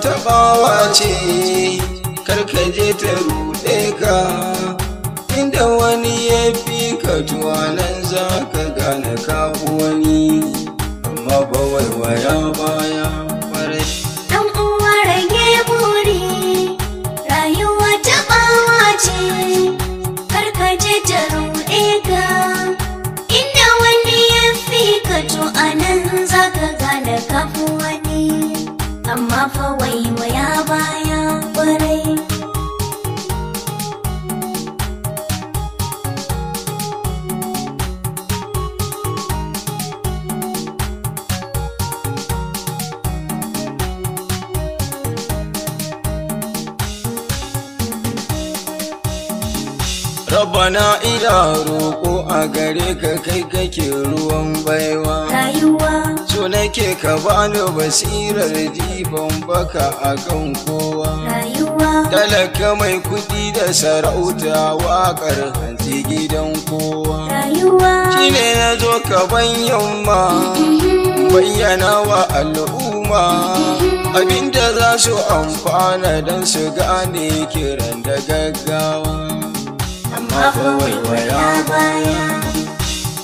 ta bawa ce je ta rude ka inda wani ya fi ka tuwanan za ka gane kafu wani amma bawai waya baya fa ya baya Rabbana ila roƙo a gare ka kai kake ruwan baiwa. Rayuwa. So nake ka bani basirar diban baka a kan kowa. Rayuwa. Talaka mai kuɗi da sarauta waƙar hanci gidan kowa. Rayuwa. Shi ne na zo ka bayan ma. Mm-hmm. Bayyana wa al'umma. Mm-hmm. abinda za su amfana don su gane kiran da gaggawa ka waiwaya baya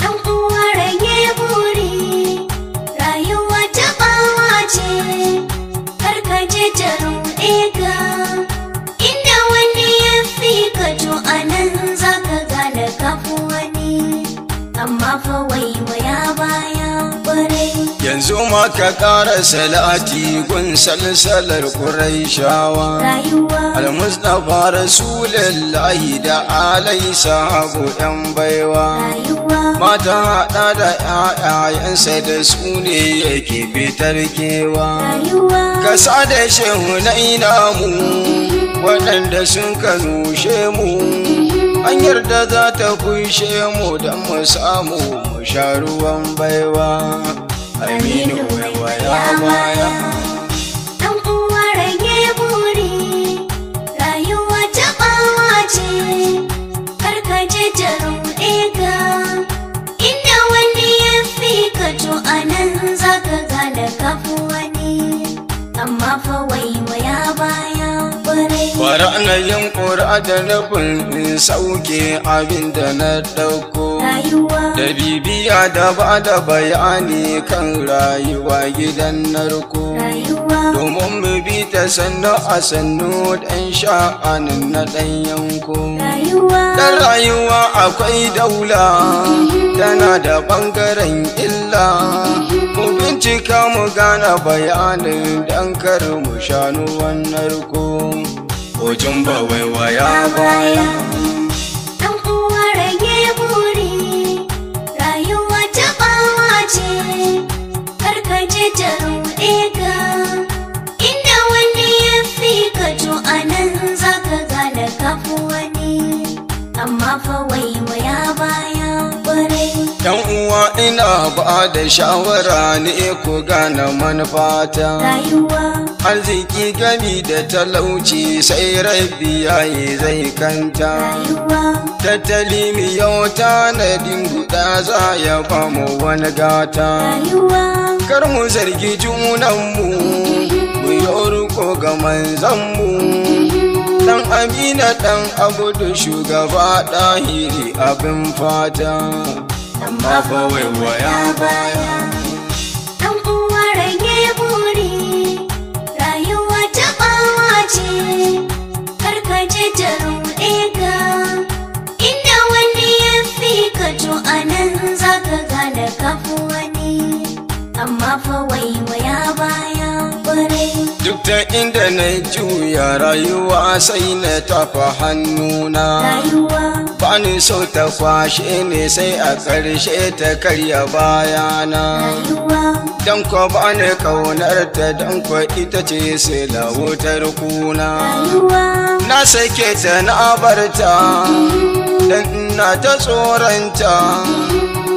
ɗan uwa rage buri rayuwa taɓawa ce karka je ta ruɗe inda wani ya fi ka to anan za ka gane kafu wani amma ma ka ƙara salati gun salsalar ƙuraishawa almustafa rasulullahi da alai sahabu yan baiwa mata haɗa da ƴaƴayensa da su ne yake bitarkewa kewa ka sa da shehunai mu waɗanda sun ka nushe mu hanyar da za ta kushe mu da mu samu mu sha ruwan baiwa aminu mai waya baya dan uwa rage buri rayuwa ta bawa ce karkace ta ruɗe inda wani ya fi ka to anan zaka da kafu wani amma fa waiwaya baya Bara na yin ƙura da rabin sauke abin da na ɗauko rayuwa da bibiya da ba da bayani kan rayuwa gidan narko domin mu bi ta sannu a sannu ɗan sha'anin na dan yanko da rayuwa akwai daula mm-hmm. tana da ɓangaren illa mm-hmm. mu bincika mu gana bayanin dan kar mu shanu wannan ko Ojin ba baya Yan uwa ina ba da shawara ne ku gane manufata. Rayuwa. Arziki gami da talauci sai rabbi yayi zai kanta. Rayuwa. Tattali miyau tanadin guda za ya bamu wani gata. Kar mu zargi junanmu, mu yi ko ga manzanmu. ɗan amina ɗan abudu shugaba ɗahiri abin fata amma fa waiwaya baya ɗan uwa rage buri rayuwa ta ɓawa ce karkace ta ruɗe inda wani ya fi ka to anan zaka gane kafu wani amma fa waya baya kware. Duk da inda na juya rayuwa sai na tafa hannuna. Rayuwa. Bani so ta kwashe ne sai a ƙarshe ta karya bayana. Rayuwa. Don ko bani kaunar ta don ko ita ce sila wutar kuna. Rayuwa. Na sake ta na barta. Mm-hmm. Dan ina ta tsoronta. Mm-hmm.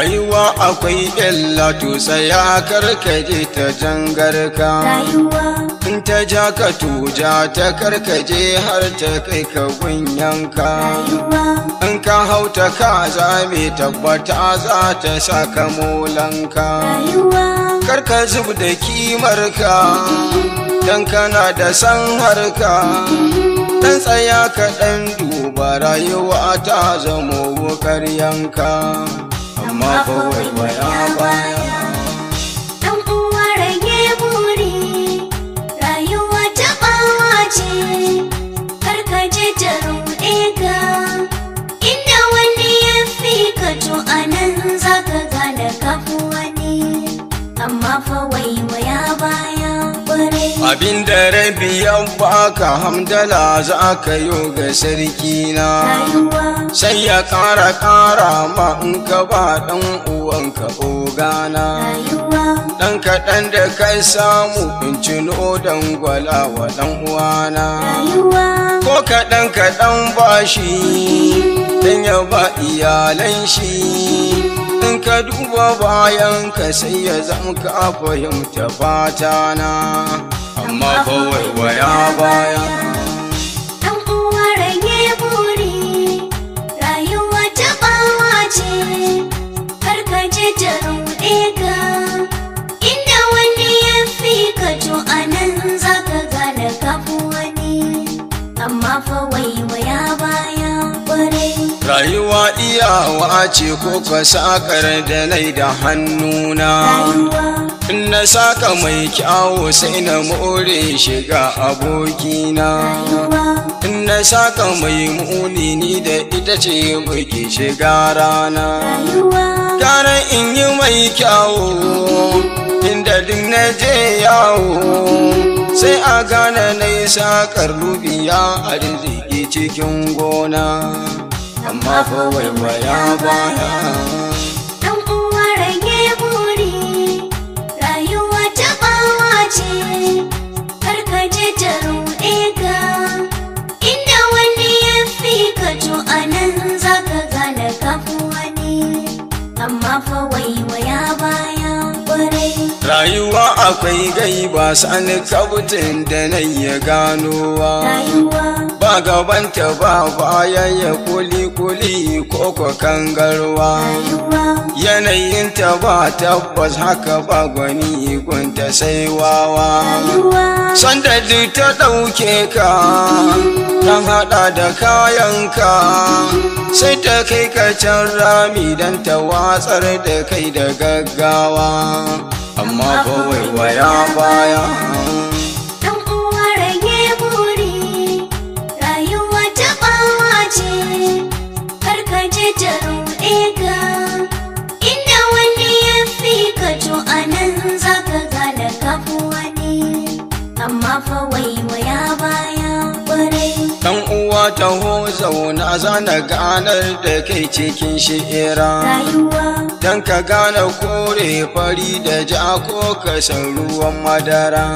rayuwa akwai illa to ya karkaje ta jangarka rayuwa in ta ja ka tuja ta karkaje har ta kai ka gunyanka in ka hauta ka mai tabbata za ta saka molanka ka zub da kimarka dan kana da san harka dan tsaya ka dan duba rayuwa ta zamo wukar yanka amma fa uwa rage buri rayuwa ta bawa ce karka je ta rude inda wani ya fi ka to anan zaka gane kafu wani amma fa wai baya baya abin da rabi ya baka hamdala za ka yi ga sarki na sai ya kara ƙara ma in ka ba dan uwanka ogana dan kaɗan da kai samu in cino dan gwala wa dan uwana ko kaɗan kaɗan bashi mm-hmm. dan ya ba iyalan shi ka duba bayan ka sai ya zama ka fahimta fata na amma kawai waya baya rayuwa iyawa ce ko ka sakar da nai da hannuna in na saka mai kyawo sai na more shiga abokina in na saka mai muni ni da ita ce muke shiga rana gara in yi mai kyawo inda duk na je yawo sai a gane na yi sakar rubiya a cikin gona amma fa ba baya dan uwa rage buri rayuwa ta bawa ce karkaje ta ruɗe ka inda wani ya fi ka to anan zaka gane kafu wani amma fa ba baya kwarai rayuwa akwai gaiba sani kabutin da nan ya ganowa rayuwa ba gabanta ba bayan ya kuli-kuli koko Yanayin yanayinta ba tabbas haka ba gwani gunta sai wawa sanda duk ta ɗauke ka ɗan haɗa da kayan ka, sai ta kai ka can rami don ta watsar da kai da gaggawa amma kawai waya baya taho zauna zana ganar da kai cikin shi'ira don ka gane kore fari da ja ko ka ruwan madara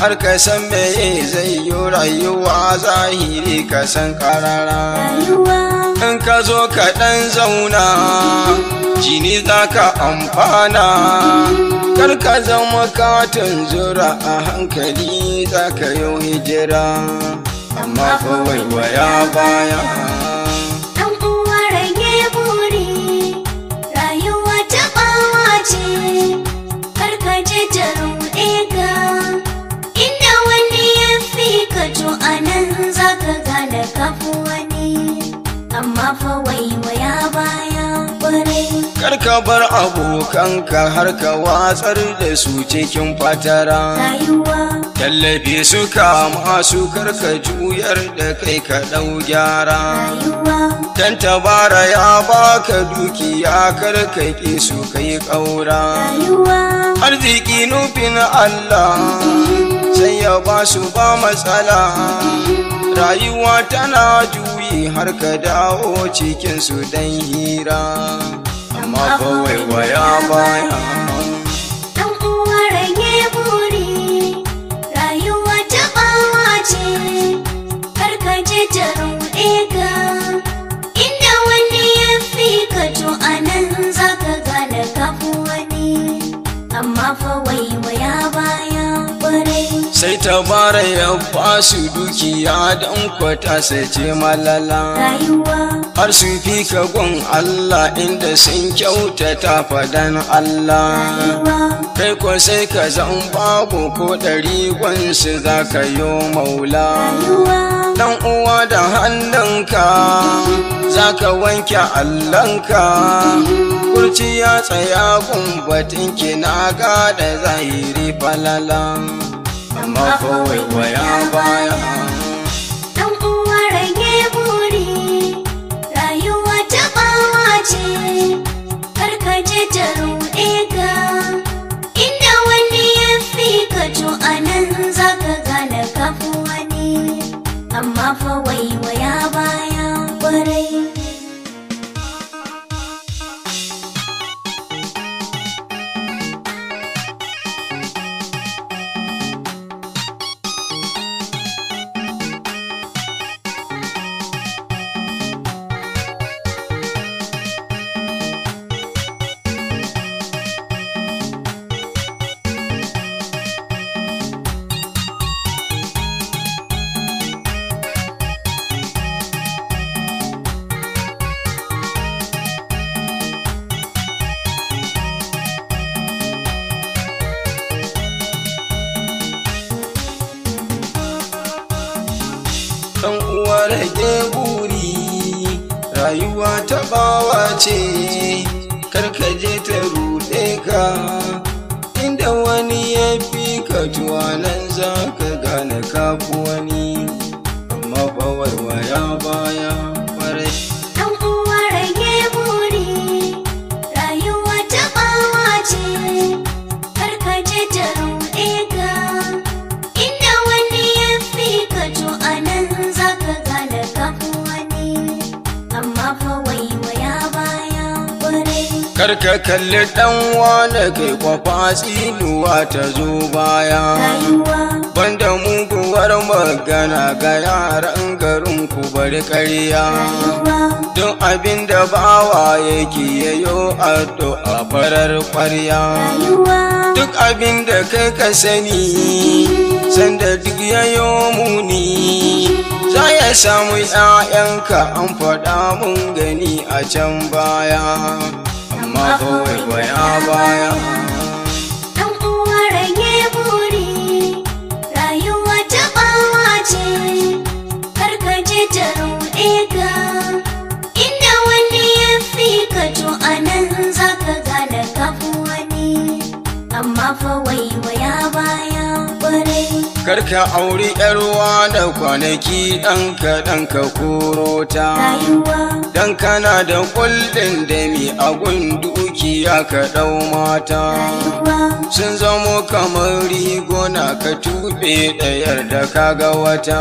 har ka san meye zai yi rayuwa zahiri ka san karara in ka zo ka ɗan zauna jini za ka amfana ka zama katin zura a hankali za ka yi hijira amma kawai waya baya ka bar abokanka har ka watsar da su cikin fatara tallafi su kama su karka juyar da kai ka ɗau gyara dan tabara ya baka dukiya karka ke su kai ƙaura arziki nufin allah mm-hmm. sai ya ba su ba matsala mm-hmm. rayuwa tana juyi har ka dawo cikinsu dan hira makowe wayabaya ta barai rabba su dukiya don kwata sai malala har su fi ka gun Allah inda sun kyautata fadan Allah kai ko sai ka zan babu ko ɗari gwansu za ka yi maula dan uwa da hannunka za ka wanke allonka kurci ya tsaya gumbatin kina ga zahiri falala magoya baya dan uwa rage buri rayuwa ta bawa ce karkace ta ruɗe inda wani ya fi ka to anan zaka gane kafu wani amma fa baya kwarai rayuwa ta bawa ce karka je ta ruɗe ka inda wani ya fi ka tuwanan za ka gane kafuwa wani amma bawarwa ya baya karka kalli dan wane kai kwafa tsinuwa ta zo baya banda muguwar magana ga yaran garin ku bari karya don abinda da bawa yake yayo to a farar ƙwarya. duk abinda da kai ka sani sanda duk yayo muni za ya samu 'ya'yanka an faɗa mun gani a can baya amma kawai baya baya ka auri yarwa da kwanaki ɗan kaɗan ka kurota dan kana da kullin da mi agun dukiya ka ɗau mata sun zamo kamar rigona ka tuɓe ɗayar da kaga wata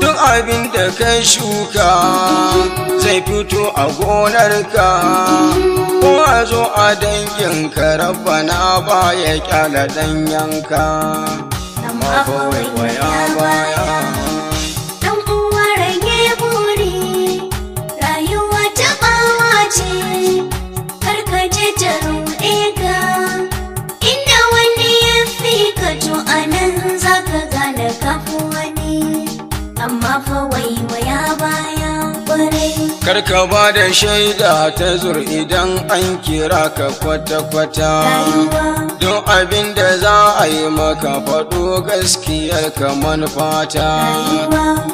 duk abin da ka shuka zai fito a gonarka kowa zo a dangin ka rabba na ba ya kyala danyanka makoyin waya baya dan uwa rage buri rayuwa ta bawa ce karkace ta ruɗe ka inda wani ya fi ka to anan zaka gane kafu wani amma fa wai waya baya ka ba da shaida ta zur idan an kira ka kwata-kwata. abin da za a yi maka faɗo gaskiyar kamar fata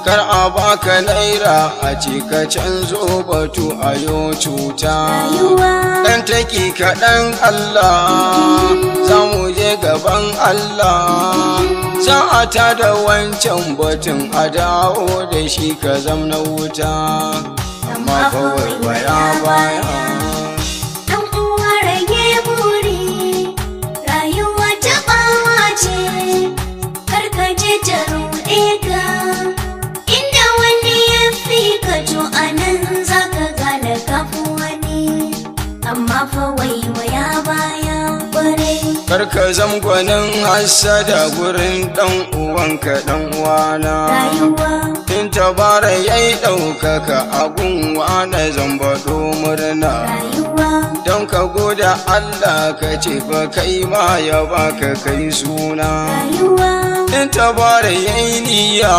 kar a baka naira a ce ka canzo batu a yi cuta ɗan take kaɗan Allah mm. za mu je gaban Allah za a ta da wancan batun a dawo da shi ka zamna wuta amma kawai baya baya fa ya baya kwarai karka zangonin gwanin gurin ɗan'uwanka uwanka dan uwana rayuwa in tabara yayi ɗaukaka a gunwa na zambaɗo murna rayuwa don ka goda Allah ka ce ba kai ma ya baka kai suna rayuwa in tabara yi niyya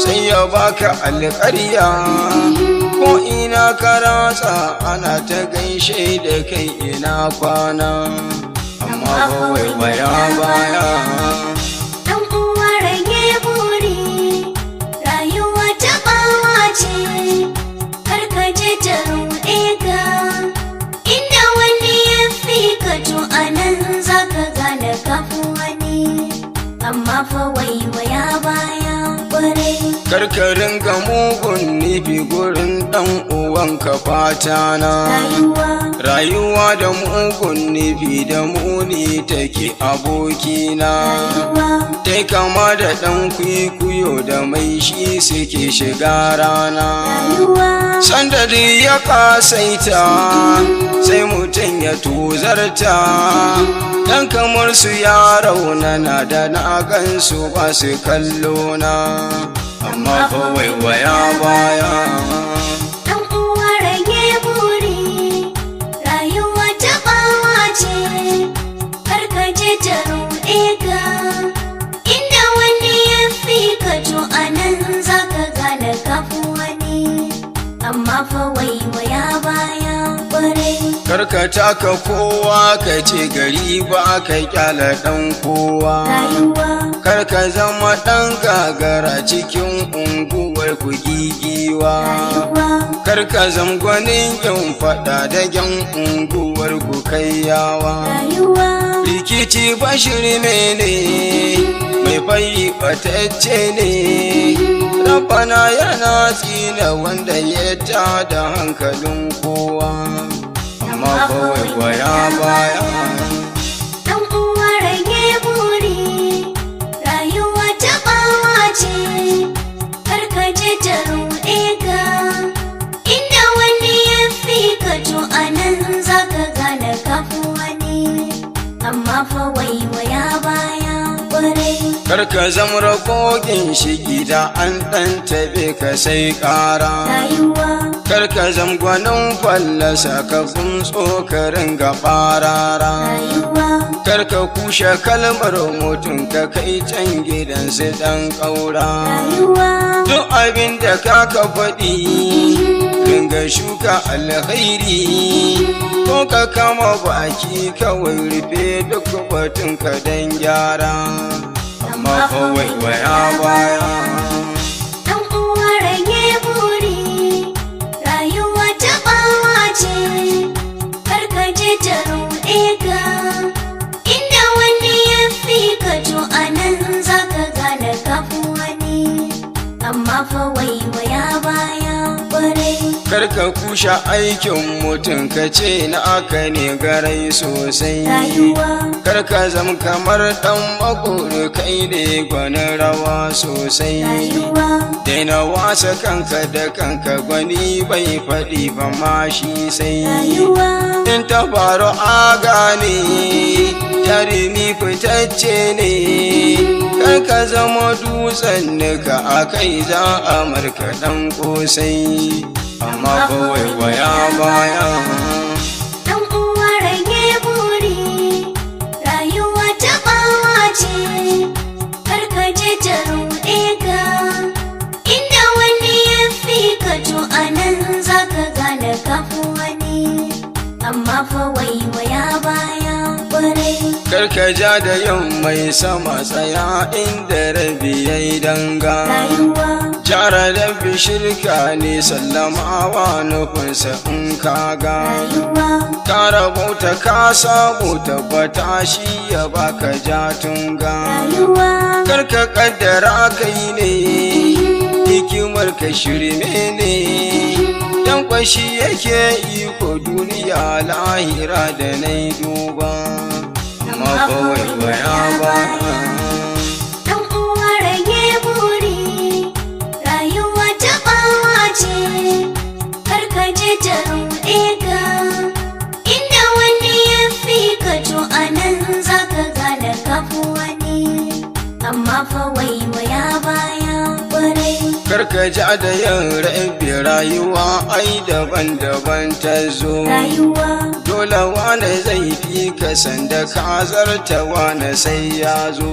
sai ya baka alƙarya na karasa ana ta gaishe da kai ina kwana amma kawai baya baya karkarin ga mugun nufi gurin dan uwanka fata na rayuwa da mugun nufi da muni take abokina tai kama da dan kwikwiyo da mai shi suke shiga rana sandari ya kasaita sai mutum ya tuzarta dan kamar su ya raunana da na gansu ba su kallo na maka waiwaya baya ka taka kowa ka ce gari ba ka kyala dan kowa Kar ka zama dan gagara cikin unguwar ku gigiwa karka zamgwanin yan fada da yan unguwar ku kaiyawa rikici bashir ne mai fayi ce ne Rabana yana tsina wanda ya da hankalin kowa. ya baya ɗan uwa rage buri rayuwa ta bawa kar ka ta ruɗe ka inda wani ya fi ka a nan za ka gane kafin wani amma fa waiwaya baya kwarai karka zamra kogin shi gida an ɗan tabe ka sai ƙara rayuwa karka zamgwanin fallasa kafin tsokarin ga farara karka kushe kalmar mutum ka kai can gidan su dan ƙaura duk abin da kaka faɗi mm-hmm. dinga shuka alkhairi mm-hmm. ko ka kama baki kawai rufe duk batun ka dan gyara amma kawai waya baya ka kusha aikin mutum ka ce na aka ne garai sosai Kar ka zama kamar dan makoro kai ne gwani rawa sosai daina wasa kanka da kanka gwani bai faɗi ba ma shi sai in ta faru a gane jarumi fitacce ne ka zama dutsen nika a kai za a markaɗan ƙosai amma kawai waya baya karka ja da yau mai sama tsaya inda rabi ya yi danga jara da bishirka ne sallamawa nufinsa in ka ga ka rabauta ka samu tabbata shi ya baka ja tunga karka kaddara kai ne mm-hmm. hikimar ka shirme ne kwashi mm-hmm. yake iko duniya lahira da na duba i Mama, Mama, Mama, Mama, Mama, ja da yin rabi rayuwa ai daban-daban ta zo dole wane zai fi ka sanda ka zarta wane sai ya zo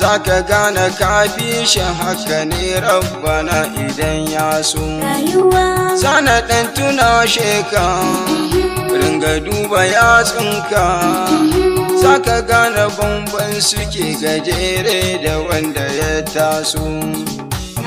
za ka gane ka fi shi haka ne rabbana idan ya so sana ɗan tuna sheka mm-hmm. ringa duba yatsunka mm-hmm. zaka gane bamban suke gajere da wanda ya taso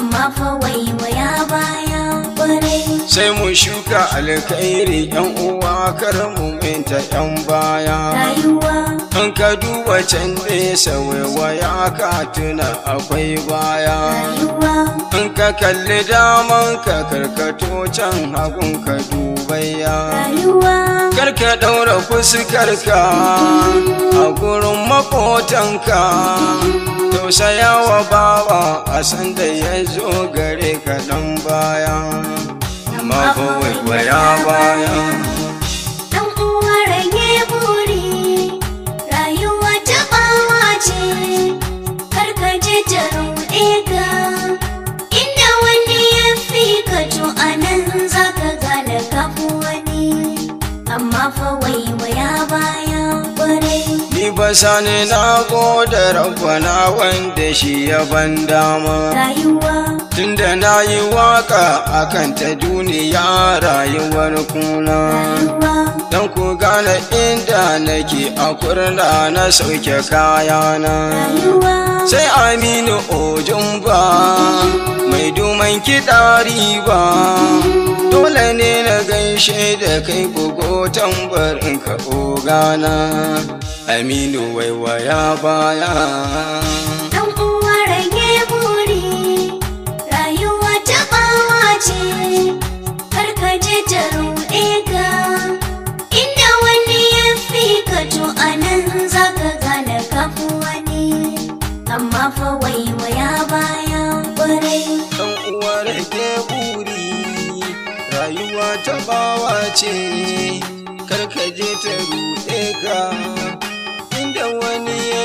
amma fa baya sai mun shuka alkhairi yan uwa kar mu minta yan baya rayuwa in ka duba can nesa waya ka tuna akwai baya rayuwa in ka kalli daman ka karkato can hagun ka dubaya rayuwa kar ka daura fuskarka mm-hmm. a gurin makotanka mm-hmm. tausayawa bawa a sanda ya zo gare ka dan baya mafawai waya baya dan uwa rage buri rayuwa ta bawa ce karkace ta ruɗe ka inda wani yafi fi ka to anan zaka gane kafu wani Sani na gode rabbana wanda shi ya ban dama tunda na yi waka akan ta duniya rayuwar kuna don ku gane inda nake a kurna na sauke kayana sai aminu ojin ba mai duman kiɗa riba dole ne na gaishe da kai bugo tambarin ka ogana amin aminu waiwaya baya dan rayuwa ce karkaje ta ruɗe ka inda wani yafi ka to wani amma waiwaya baya farai. ta bawa ce karkaje ta ruɗe ka wani ya